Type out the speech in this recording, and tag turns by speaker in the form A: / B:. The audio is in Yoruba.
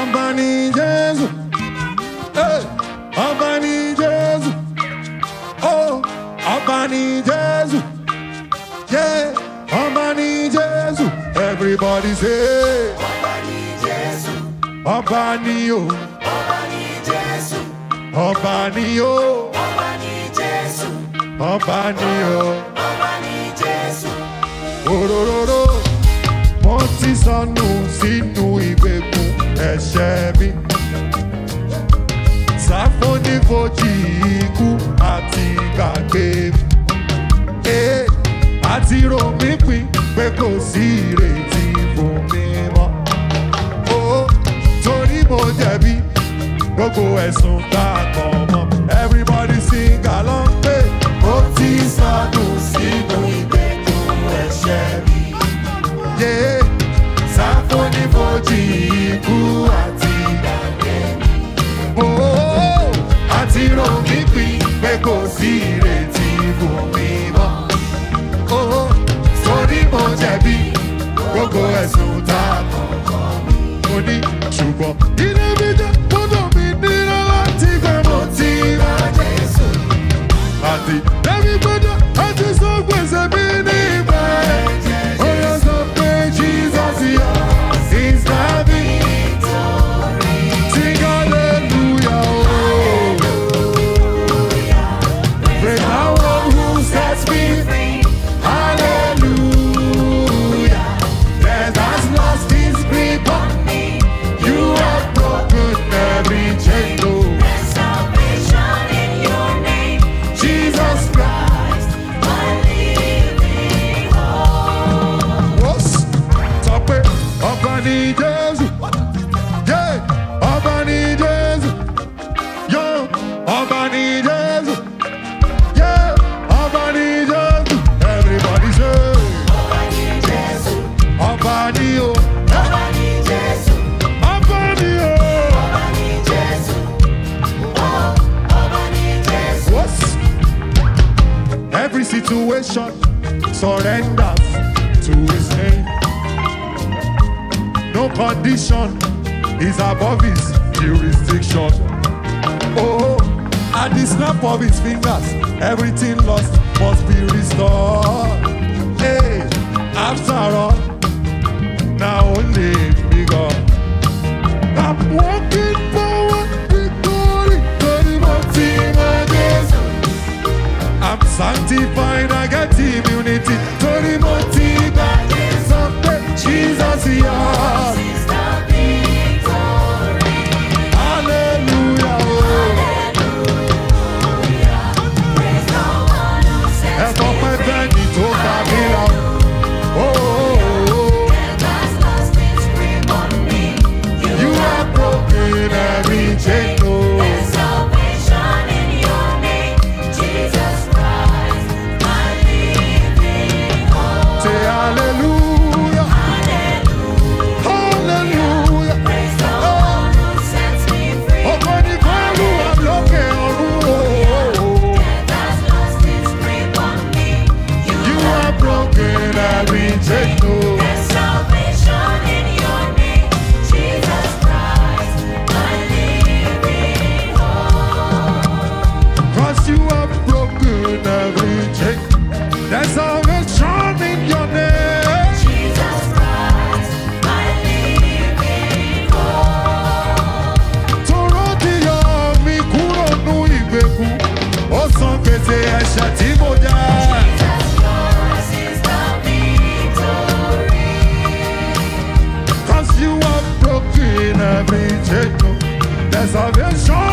A: ọba Jesus, hey ọba Jesus, oh ọba Jesus, yeah ọba Jesus. everybody say ọba Jesus, Jésù ọba ni Jesus, ọba ni Jésù Jesus, ni o ọba ni Oh oh ni o ọba ni Jésù mo ti sọnù sínú ẹ̀ṣẹ̀ mi. Sáfónífojì ikú àti gbàgbé mi. Eh, àti rò mí pin pé kò sí ìrètí fún mi mọ́. Oh, torí mo jẹ̀bi gbogbo ẹ̀sùn tá a kàn mọ́. Everybody sing along pé eh. ó ti sọdún sínú ìgbèkùn ẹ̀ṣẹ̀ mi. Sáfónífojì ikú. cozir Break situation surrenders to his name. No condition is above his jurisdiction. Oh, oh, at the snap of his fingers, everything lost must be restored. Hey, after all, now only I get immunity. Torí mo ti Jesus yeah. Oh. Dessa vez chora